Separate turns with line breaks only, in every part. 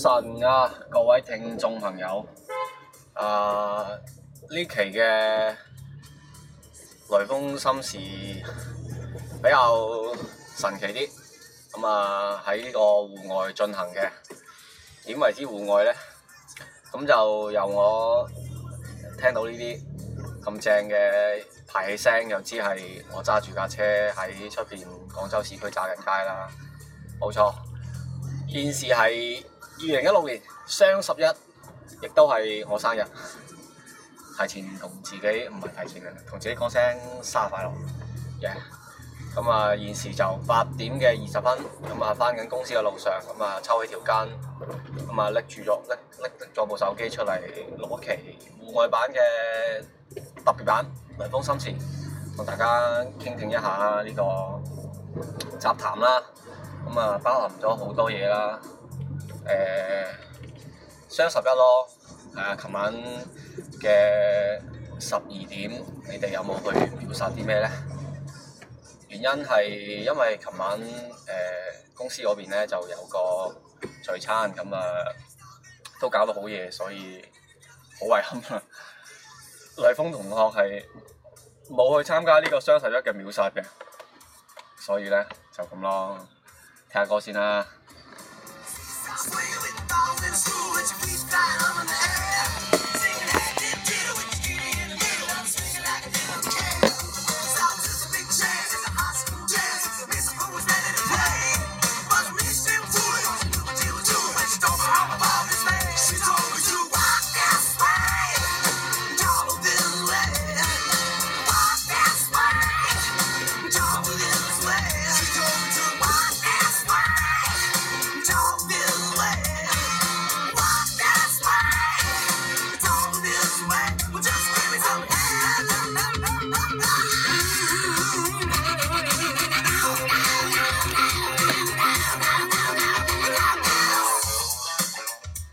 神啊！各位聽眾朋友，啊呢期嘅雷鋒心事比較神奇啲，咁啊喺呢個戶外進行嘅，點為之戶外咧？咁就由我聽到呢啲咁正嘅排氣聲，又知係我揸住架車喺出邊廣州市區揸緊街啦。冇錯，現時喺，二零一六年雙十一，亦都係我生日，提前同自己唔係提前嘅，同自己講聲生日快樂，耶！咁啊，現時就八點嘅二十分，咁啊翻緊公司嘅路上，咁、嗯、啊抽起條筋，咁啊拎住咗拎拎咗部手機出嚟攞一期戶外版嘅特別版《文風心情》，同大家傾聽一下啊呢個雜談啦，咁、嗯、啊包含咗好多嘢啦。誒、呃、雙十一咯，係啊！琴晚嘅十二點，你哋有冇去秒殺啲咩咧？原因係因為琴晚誒、呃、公司嗰邊咧就有個聚餐，咁啊都搞到好夜，所以好遺憾啦。麗 峰同學係冇去參加呢個雙十一嘅秒殺嘅，所以咧就咁咯，聽下歌先啦。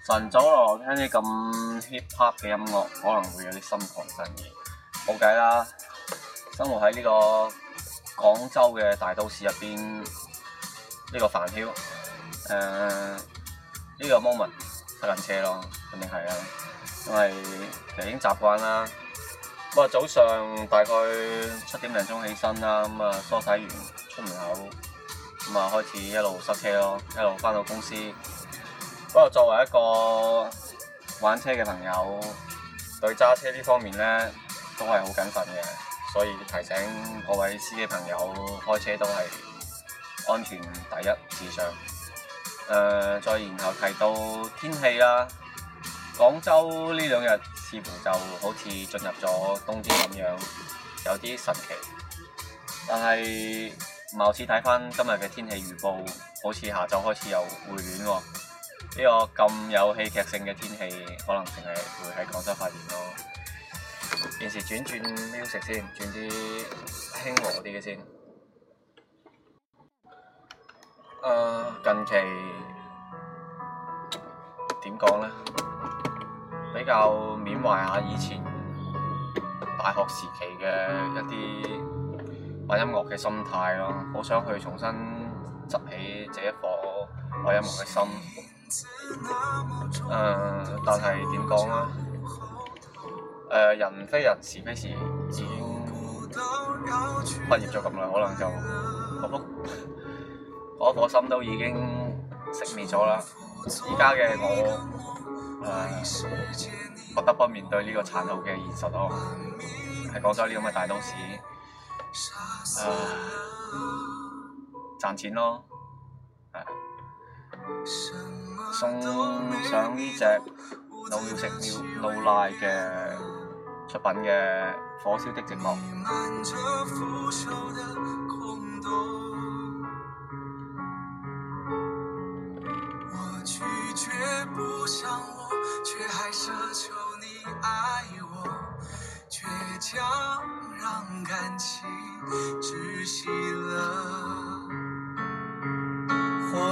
晨早落嚟聽啲咁 hip hop 嘅音樂，可能會有啲心曠神怡。冇計啦，生活喺呢個廣州嘅大都市入邊，呢、這個煩囂，誒、呃，呢、這個 moment 塞緊車咯，肯定係啊，因為其實已經習慣啦。不過，早上大概七點零鐘起身啦，咁啊梳洗完出門口，咁啊開始一路塞車咯，一路翻到公司。不過作為一個玩車嘅朋友，對揸車呢方面咧都係好謹慎嘅，所以提醒各位司機朋友開車都係安全第一至上。誒、呃，再然後提到天氣啦，廣州呢兩日似乎就好似進入咗冬天咁樣，有啲神奇。但係貌似睇翻今日嘅天氣預報，好似下晝開始有回暖喎。呢個咁有戲劇性嘅天氣，可能淨係會喺廣州發現咯。現時轉轉 music 先轉轉，轉啲輕和啲嘅先。誒、呃，近期點講咧？比較緬懷下以前大學時期嘅一啲玩音樂嘅心態咯。好想去重新執起這一顆愛音樂嘅心。呃、但係點講呢、呃？人非人，事非事，已經畢業咗咁耐，可能就嗰嗰顆心都已經熄滅咗啦。而家嘅我、呃、不得不面對呢個殘酷嘅現實咯。喺廣州呢咁嘅大都市，誒、呃，賺錢咯。送上呢隻老廟食廟老賴嘅出品嘅《火燒的寂寞》，彌漫著腐朽的空
洞，我拒絕不想我，卻還奢求你愛我，倔強讓感情窒息了。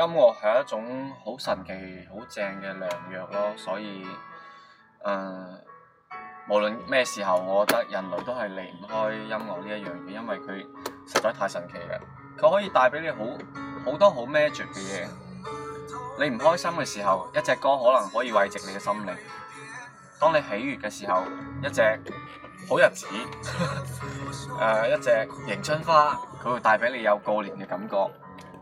音樂係一種好神奇、好正嘅良藥咯，所以誒、呃，無論咩時候，我覺得人類都係離唔開音樂呢一樣嘢，因為佢實在太神奇啦！佢可以帶俾你好好多好 magic 嘅嘢。你唔開心嘅時候，一隻歌可能可以慰藉你嘅心靈；當你喜悅嘅時候，一隻好日子誒、 呃，一隻迎春花，佢會帶俾你有過年嘅感覺。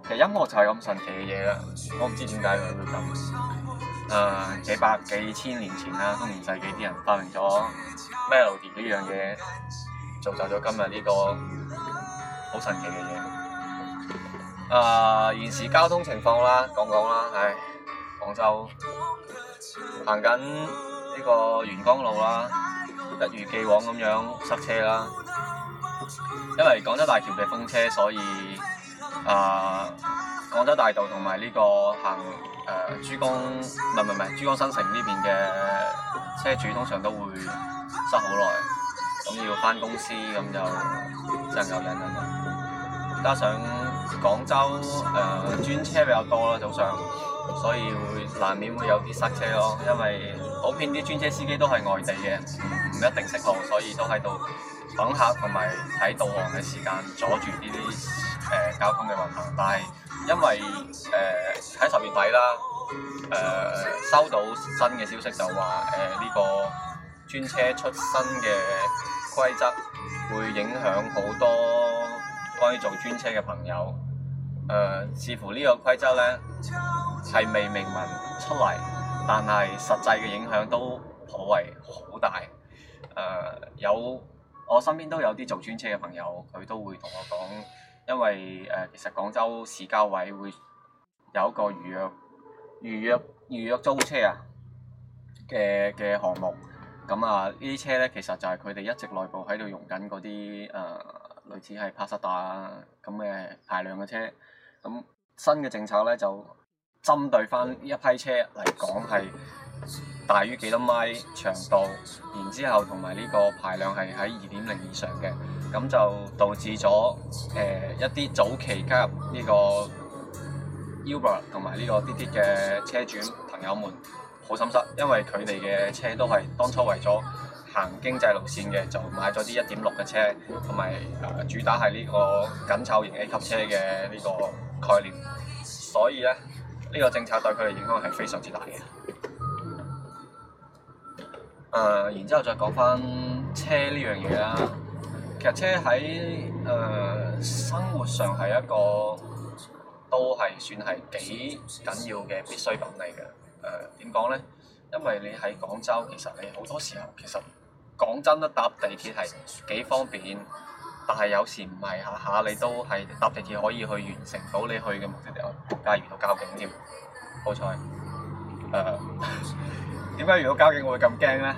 其實音樂就係咁神奇嘅嘢啦，我唔知點解喎都咁。誒，幾百幾千年前啦，中世紀啲人發明咗 melody 呢樣嘢，造就咗今日呢個好神奇嘅嘢。誒、呃、現時交通情況啦，講講啦，係廣州行緊呢個沿江路啦，一如既往咁樣塞車啦，因為廣州大橋被封車，所以。啊、呃！廣州大道同埋呢個行誒、呃、珠江，唔係唔係唔係珠江新城呢邊嘅車主，通常都會塞好耐，咁、嗯、要返公司咁就真係夠癲啦！加上廣州誒專、呃、車比較多啦早上，所以會難免會有啲塞車咯，因為普遍啲專車司機都係外地嘅，唔一定識路，所以都喺度。等客同埋喺導航嘅時間阻住呢啲誒交通嘅運行，但係因為誒喺十月底啦，誒、呃、收到新嘅消息就話誒呢個專車出新嘅規則，會影響好多關於做專車嘅朋友。誒、呃，似乎個規則呢個規則咧係未明文出嚟，但係實際嘅影響都頗為好大。誒、呃、有。我身邊都有啲做專車嘅朋友，佢都會同我講，因為誒、呃、其實廣州市交委會有一個預約預約預約租車啊嘅嘅項目。咁啊，呢啲車咧其實就係佢哋一直內部喺度用緊嗰啲誒類似係帕薩特啊咁嘅排量嘅車。咁新嘅政策咧就針對翻一批車嚟講係。大於幾多米長度，然之後同埋呢個排量係喺二點零以上嘅，咁就導致咗誒、呃、一啲早期加入呢個 Uber 同埋呢個滴滴嘅車主朋友們好心塞，因為佢哋嘅車都係當初為咗行經濟路線嘅，就買咗啲一點六嘅車，同埋、呃、主打係呢個緊湊型 A 級車嘅呢個概念，所以咧呢、呢個政策對佢哋影響係非常之大嘅。誒、呃，然之後再講翻車呢樣嘢啦。其實車喺誒、呃、生活上係一個都係算係幾緊要嘅必需品嚟嘅。誒點講咧？因為你喺廣州，其實你好多時候其實講真都搭地鐵係幾方便，但係有時唔係下下你都係搭地鐵可以去完成到你去嘅目的地，但係遇到交警添。好彩誒。呃 點解如果交警我會咁驚咧？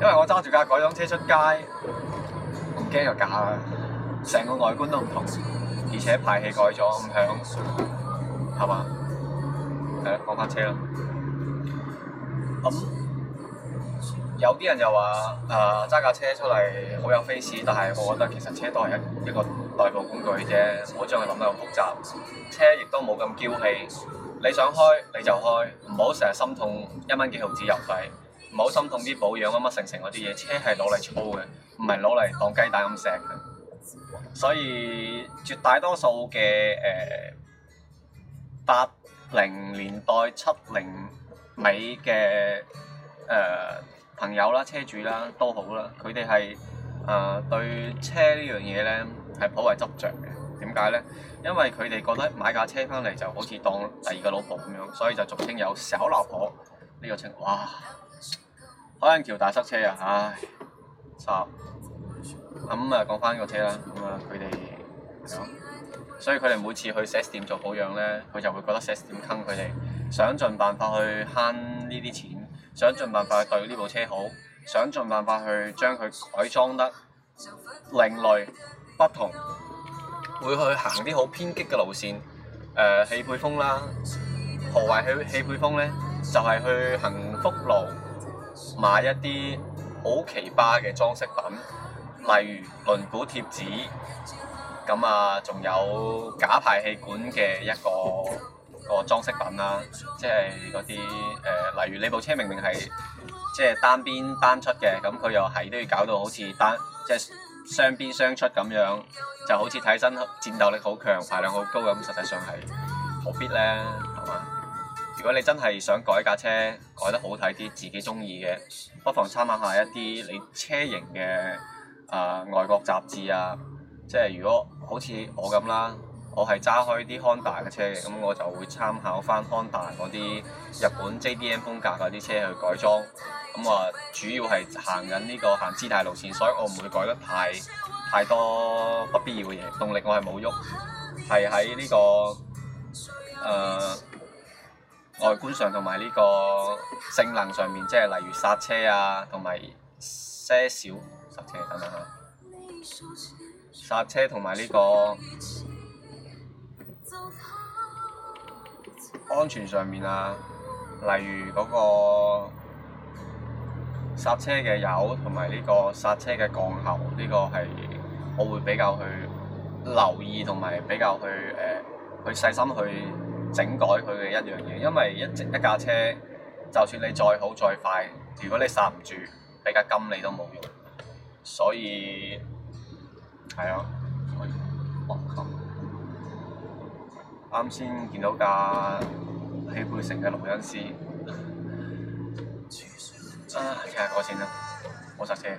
因為我揸住架改裝車出街，唔驚又假啦。成個外觀都唔同，而且排氣改咗，咁響，係嘛？係、哎、啊，講翻車啦。咁、嗯、有啲人又話誒揸架車出嚟好有 face，但係我覺得其實車都係一一個代步工具啫。唔好將佢諗得咁複雜，車亦都冇咁嬌氣。你想開你就開，唔好成日心痛一蚊幾毫紙油費，唔好心痛啲保養乜乜成成嗰啲嘢。車係攞嚟操嘅，唔係攞嚟當雞蛋咁錫嘅。所以絕大多數嘅誒八零年代七零尾嘅誒朋友啦、車主啦都好啦，佢哋係誒對車呢樣嘢咧係頗為執着嘅。點解咧？因為佢哋覺得買架車翻嚟就好似當第二個老婆咁樣，所以就俗稱有小老婆呢、這個稱。哇！海印橋大塞車啊！唉，插咁啊，講翻個車啦。咁、嗯、啊，佢、嗯、哋所以佢哋每次去四 S 店做保養咧，佢就會覺得四 S 店坑佢哋，想盡辦法去慳呢啲錢，想盡辦法去對呢部車好，想盡辦法去將佢改裝得另類不同。會去行啲好偏激嘅路線，誒汽配風啦，何謂汽汽配風咧？就係、是、去幸福路買一啲好奇葩嘅裝飾品，例如輪轂貼紙，咁啊，仲有假排氣管嘅一個一個裝飾品啦，即係嗰啲誒，例如你部車明明係即係單邊單出嘅，咁佢又係都要搞到好似單即係雙邊雙出咁樣，就好似睇身戰鬥力好強、排量好高咁，實際上係何必咧？係嘛？如果你真係想改架車，改得好睇啲，自己中意嘅，不妨參考一下一啲你車型嘅啊、呃、外國雜誌啊，即係如果好似我咁啦。我係揸開啲康 o 嘅車嘅，咁我就會參考翻康 o 嗰啲日本 JDM 風格嘅啲車去改裝。咁啊，主要係行緊呢個行姿態路線，所以我唔會改得太太多不必要嘅嘢。動力我係冇喐，係喺呢個誒、呃、外觀上同埋呢個性能上面，即係例如煞車啊，同埋些少煞
車等等下。煞車同埋呢個，
安全上面啊，例如嗰個剎車嘅油同埋呢個剎車嘅鋼喉，呢、呢個係我會比較去留意同埋比較去誒、呃、去細心去整改佢嘅一樣嘢，因為一一架車，就算你再好再快，如果你剎唔住，比架金你都冇用，所以係咯。啱先見到架喜貝
城嘅錄音師， 啊，聽日過錢啦，我揸車。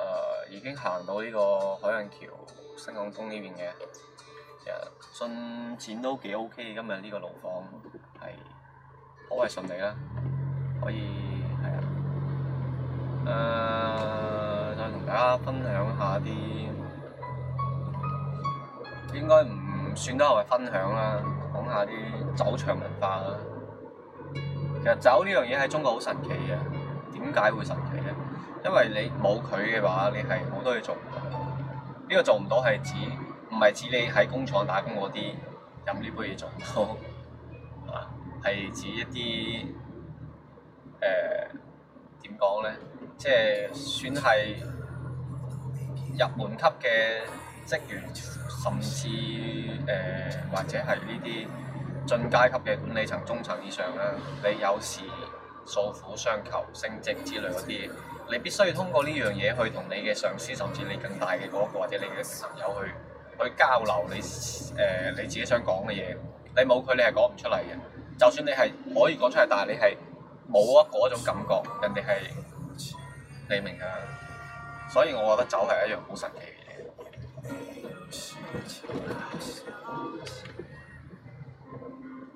誒、uh, 已經行到呢個海運橋、新港東呢邊嘅，其實、嗯、進展都幾 OK。今日呢個路況係好鬼順利啦，可以係啊。誒、呃，再同大家分享一下啲，應該唔算得係分享啦，講下啲酒場文化啦。其實酒呢樣嘢喺中國好神奇嘅，點解會神奇咧？因為你冇佢嘅話，你係好多嘢做唔到。呢、這個做唔到係指唔係指你喺工廠打工嗰啲飲呢杯嘢做唔到，啊係指一啲誒點講咧，即、呃、係、就是、算係入門級嘅職員，甚至誒、呃、或者係呢啲進階級嘅管理層中層以上咧，你有時。訴苦、相求、升職之類嗰啲嘢，你必須要通過呢樣嘢去同你嘅上司，甚至你更大嘅嗰、嗰個或者你嘅朋友去去交流你誒、呃、你自己想講嘅嘢。你冇佢，你係講唔出嚟嘅。就算你係可以講出嚟，但係你係冇啊嗰種感覺，人哋係你明㗎。所以，我覺得酒係一樣好神奇嘅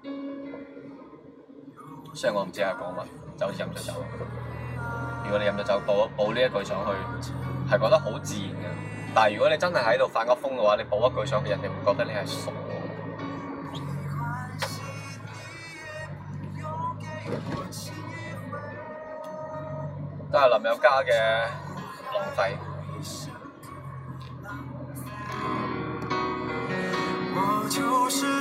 嘢。雖然我唔知係講乜。就好似飲醉酒。如果你飲咗酒，補呢一,一句上去，係覺得好自然嘅。但係如果你真係喺度發噏風嘅話，你補一句上去，人哋會覺得你係傻。都係、嗯、林宥嘉嘅浪費。我
就是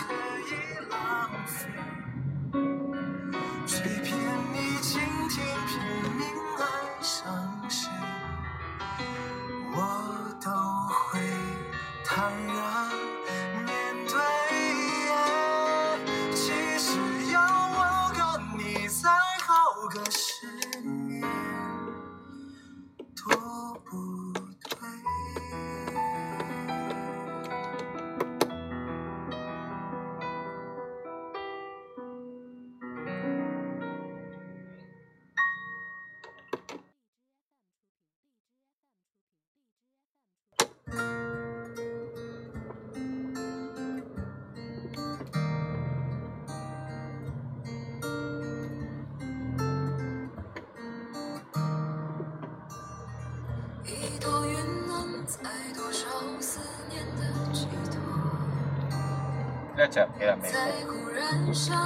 只嘅人未放。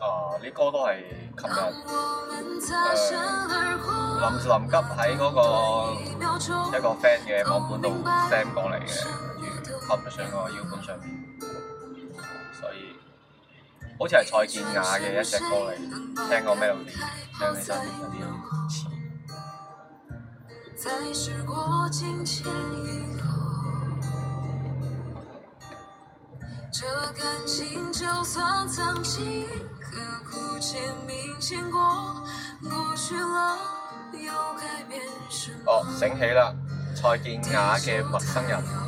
啊！啲歌
都係琴日誒
臨臨急喺嗰個一個 friend 嘅網盤度 send 過嚟嘅，跟住 upload 上個 U 盤上面，所以好似係蔡健雅嘅一隻歌嚟
嘅，聽過咩？有
啲
聽起身有啲
咁。心就算曾經刻骨銘心，過去了又改變。哦，
醒起了，蔡健雅嘅陌生人。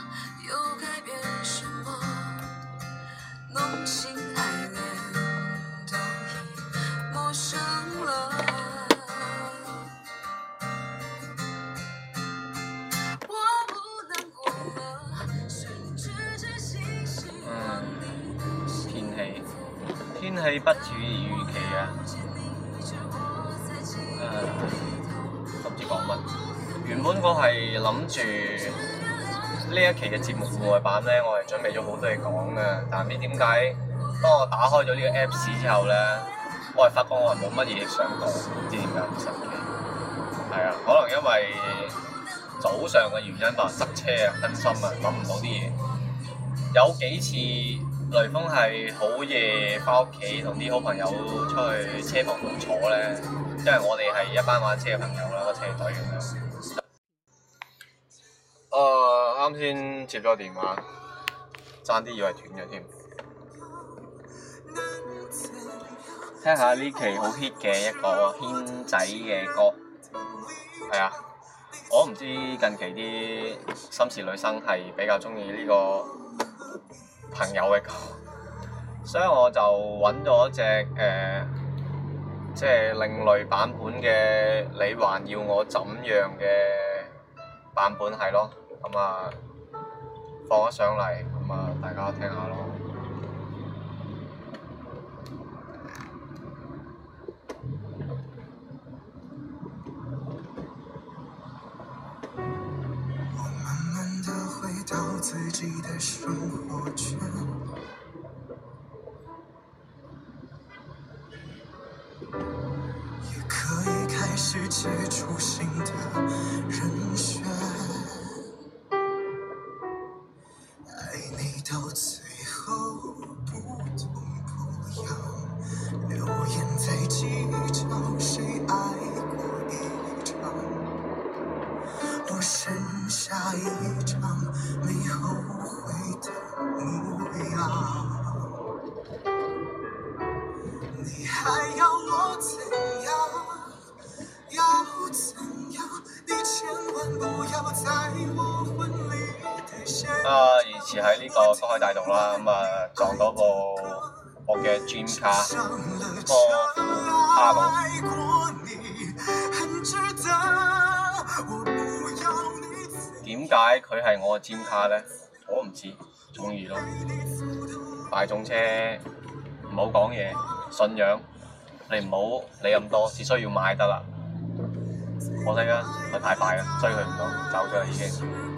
原本我係諗住呢一期嘅節目戶外版咧，我係準備咗好多嘢講嘅，但唔知點解當我打開咗呢個 Apps 之後咧，我係發覺我係冇乜嘢想講，唔知點解咁神奇。係啊，可能因為早上嘅原因吧，塞車啊，分心啊，諗唔到啲嘢。有幾次雷鋒係好夜翻屋企，同啲好朋友出去車房度坐咧，因為我哋係一班玩車嘅朋友啦，個車隊咁樣。呃，啱先、哦、接咗電話，爭啲以為斷咗添。 聽下呢期好 hit 嘅一個軒仔嘅歌，係啊，我唔知近期啲心事女生係比較鍾意呢個朋友嘅歌，所以我就揾咗隻呃，即係另類版本嘅你還要我怎樣嘅版本係咯。咁啊，放
咗上嚟，咁啊，大家聽下咯。
呢個江海大道啦，咁啊撞到部我嘅 Gym 卡，
個阿伯。
點解佢係我嘅 Gym 卡咧？我唔知，中意咯。大眾車，唔好講嘢，信仰，你唔好理咁多，只需要買得啦。可惜啦，佢太快啦，追佢唔到，走咗啦已經。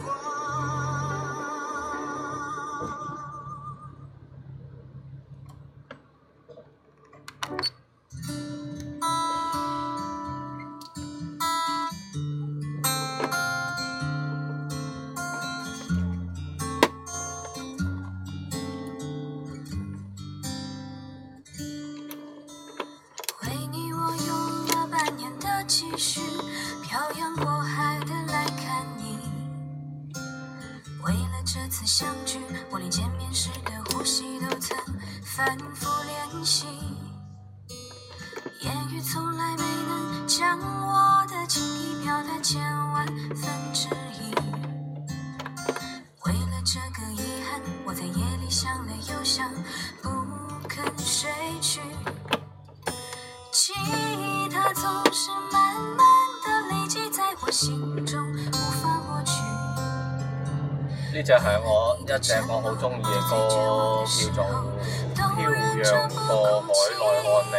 只係我一隻我好中意嘅歌，叫做《漂洋過海來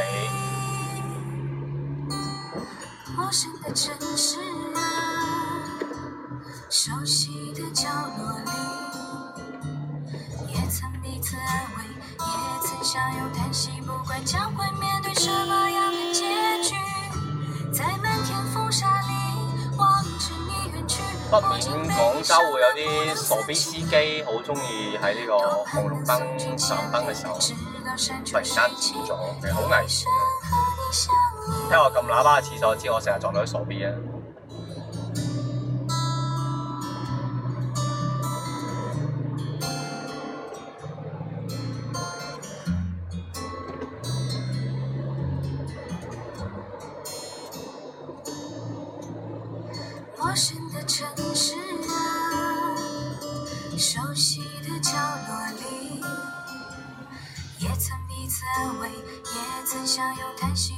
看你》。
不免廣
州會有啲傻逼司機，好中意喺呢個紅綠燈上燈嘅時候，突然間轉左，其實好危險。聽我撳喇叭嘅廁所，知我成日撞到啲傻逼啊！
也曾相擁嘆息。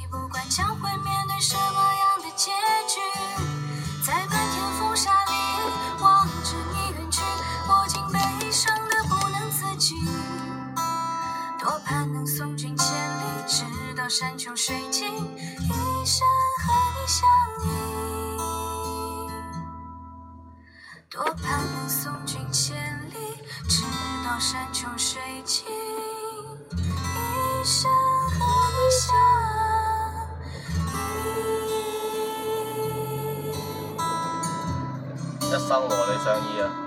張一啊。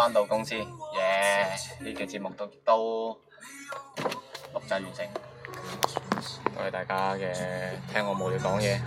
返到公司，耶！呢期節目都都錄製完成，多謝大家嘅聽我無聊講嘢。